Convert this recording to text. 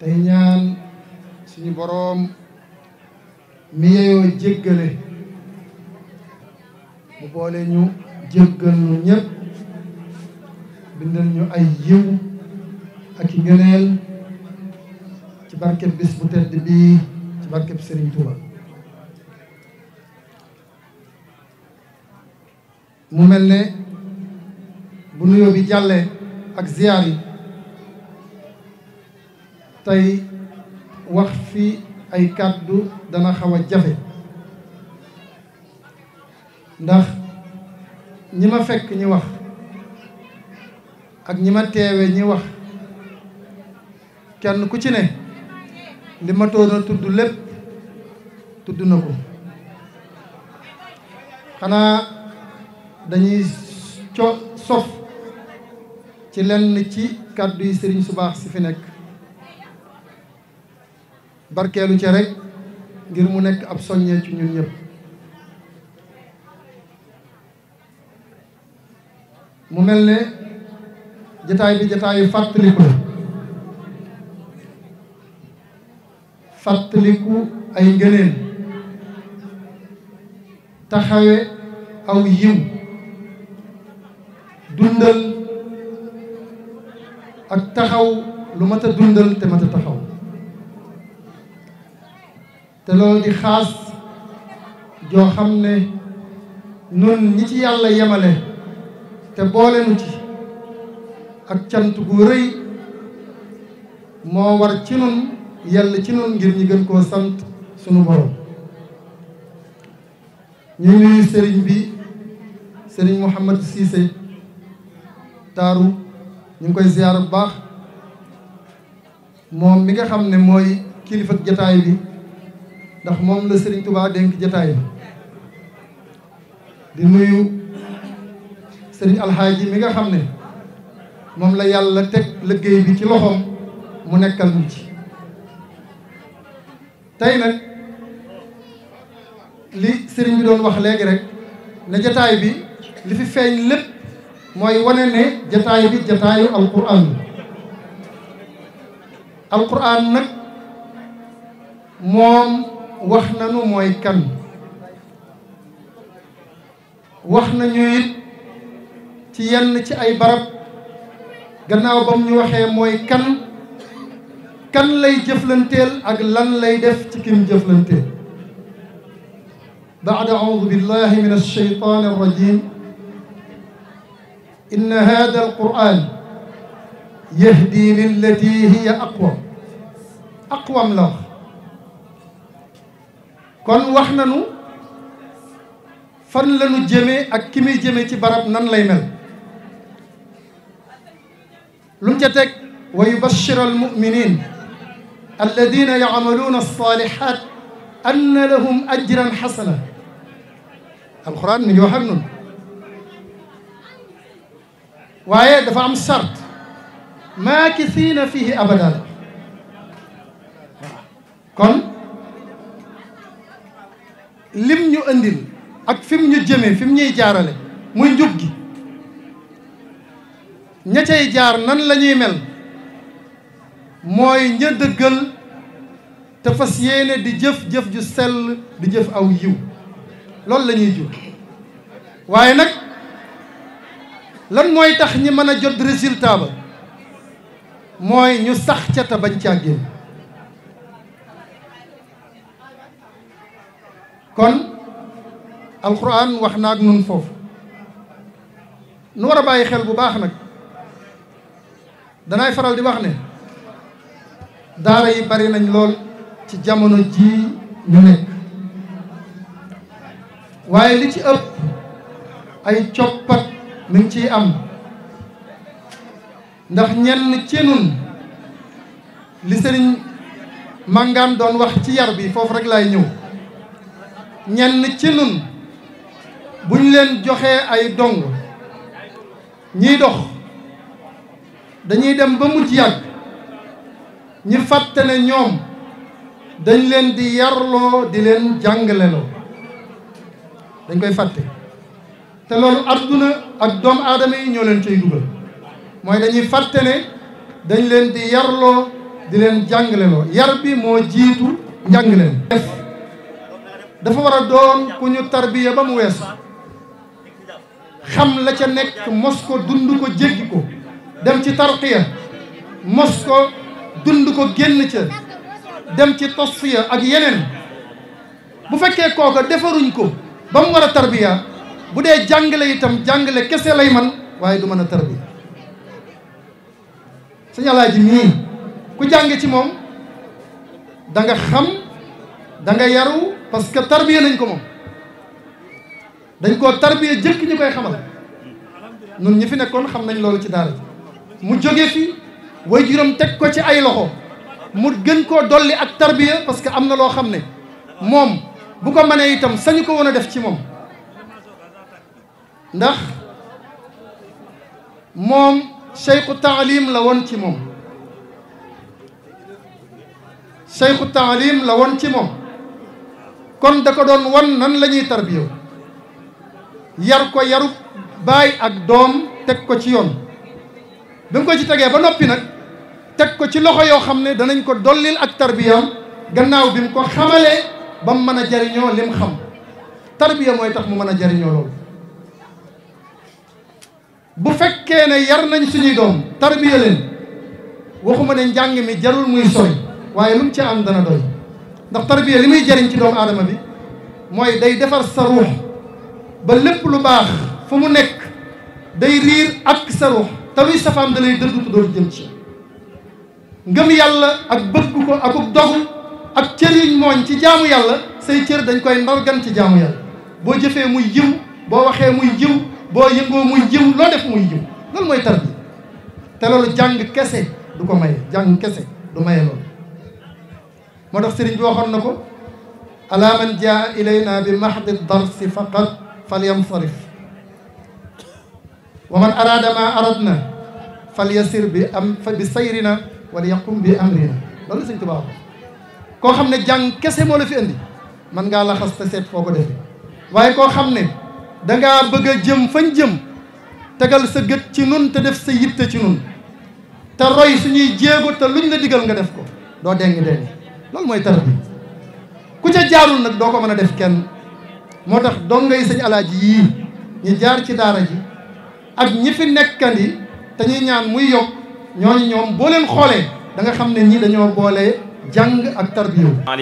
te ñaan suñu boroom mi yoo jéggale mu boole ñu jéggal ñu ñëpp bindal ñu ay yiw ak i ngëneel ci barkeb bis bu tedd bii ci barkeb Serigne Touba mu mel ne bu nuyoo bi jàllee ak ziyaar yi tey wax fi ay kàddu dana xaw jafe ndax ñi ma fekk ñi wax ak ñi ma teewe ñi wax kenn ku ci ne li ma tudd lépp tudd na ko xanaa dañuy co sof ci lenn ci kàddu yi sëriñ su baax si fi nekk barkeelu ci rek ngir mu nekk ab soññee ci ñun ñëpp mu mel ne jataay bi jataayu fàttaliku la fàttaliku ay ngëneen taxawe aw yiw dundal ak taxaw lu mat a dundal te mat a taxaw te loolu di xaas joo xam ne nun ñi ci yàlla yemale te boole ci ak cant gu rëy moo war ci nun yàlla ci nun ngir ñu gën koo sant sunu borom ñu nuyu sëriñ bi sëriñ Mouhamed Cissé taaru ñu ngi koy ziyaar bu baax moom mi nga xam ne mooy kilifa jataay bi ndax moom la Serigne Touba dénk jataay di nuyu Serigne Alxaaji mi nga xam ne moom la yàlla teg liggéey bi ci loxoom mu nekkal ñu ci tey nag li Serigne bi doon wax léegi rek ne jataay bi li fi feeñ lépp mooy wone ne jataay bi jataayu alquran alquran nag moom wax nañu mooy kan wax nañu it ci yenn ci ay barab gannaaw bam ñu waxee mooy kan kan lay jëflanteel ak lan lay def ci kim jëflanteel بعد أعوذ بالله من الشيطان الرجيم إن هذا القرآن يهدي للتي هي أقوم أقوم له kon wax nañu fan lañu jëmé ak kimi jëmé ci barab nan lay mel lu ci tek teg wa yubashira almuminin alladina yacmaluuna alsalihat ann lahum ajran xasana alquran mi ngi wax ak nun waaye dafa am فيه أبدا andil ak fi mu ñu jëmee fi mu ñuy jaarale muy njub gi ña cay jaar nan lañuy mel mooy ña dëggal te fas yéene di jëf-jëf ju sell di jëf aw yiw loolu lañuy jur waaye nag lan mooy tax ñi mën a jot résultat ba mooy ñu sax ca te bañ caa kon alxuraan wax naa ak nun foofu nu war a bàyyi xel bu baax nag danay faral di wax ne daara yi bari nañ lool ci jamono jii ñu nekk waaye li ci ëpp ay coppat mi ciy am ndax ñenn ci nun li sëriñ màngaan doon wax ci yar bi foofu rek lay ñëw ñenn ci nun buñ leen joxee ay dongo ñiy dox dañuy dem ba mujj yàgg ñi fàtte ne ñoom dañ leen di yarloo di leen jàngaleloo dañ koy fàtte te loolu adduna ak doomu aadama yi ñoo leen cay dugal mooy dañuy fàtte ne dañ leen di yarloo di leen jàngaleloo yar bi moo jiitu njàngale def dafa war a doon ku ñu tarbiya ba mu weesu xam la ca nekk mos ko dund ko jéggi ko dem ci tarqiya mosko ko dund ko génn ca dem ci tasfiya ak yeneen bu fekkee kooka defaruñ ko ba mu war a tarbiya bu dee jàngale itam jàngale kese lay man waaye du mën a tarbiya sëñ Alaaji mii ku jàng ci moom da nga xam da nga yaru parce que tarbiya nañ ko moom dañ koo tarbiya jëkk ñu koy xamal ñun ñi fi nekkoon xam nañ loolu ci daal mu jóge fi waajuram teg ko ci ay loxo mu gën koo dolli ak tarbiya parce que am na loo xam ne moom bu ko mënee itam sañu ko woon a def ci moom ndax moom cheikhu taalim la woon ci moom cheikhu taalim la woon ci moom kon da ko doon wan nan la ñuy tarbiya yar ko yaru baay ak doom teg ko ci yoon bi mu ko ci tegee ba noppi nag teg ko ci loxo yoo xam ne danañ ko dollil ak tarbiyaam gannaaw bi mu ko xamalee ba mu mën a jariñoo lim xam tarbiya mooy tax mu mën a jariñoo loolu bu fekkee ne yar nañ suñuy doom tarbiya leen waxuma ne njàng mi jarul muy sori waaye lu mu ci am dana doy ndax tarbiya li muy jariñ ci doomu aadama bi mooy day defar sa ruux ba lépp lu baax fu mu nekk day riir ak sa ruux te luy safaam da lay dëddu jëm ci ngëm yàlla ak bëgg ko akub dogu ak cër yuñ mooñ ci jaamu yàlla say cër dañ koy ndargan ci jaamu yàlla boo jëfee muy jiw boo waxee muy jiw boo yëngoo muy jiw loo def muy jiw loolu mooy tar bi te loolu jàng kese du ko maye jàng kese du maye loolu moo tax sëriñ bi waxoon na ko ala man jaa ilayna bi mahdi darsi faqat falyansarif wa man araada ma aradna falyasir bi am bi sayrina wala yaqum bi amrina loolu sëñ Tuubaa koo xam ne jàng kese moo la fi indi man ngaa laxas te seet foo ko defe waaye koo xam ne dangaa bëgg a jëm fañ jëm tegal sa gët ci nun te def sa yitte ci nun te roy suñuy jéego te luñ la digal nga def ko doo dengi dengi loolu mooy tar bi ku ca jaarul nag doo ko mën a def kenn moo tax doom dongay sëñ alaaji yii ñu jaar ci daara ji ak ñi fi nekkandi te ñuy ñaan muy yokk ñooñu ñoom boo leen xoolee da nga xam ne ñii dañoo boole jàng ak tarbiyo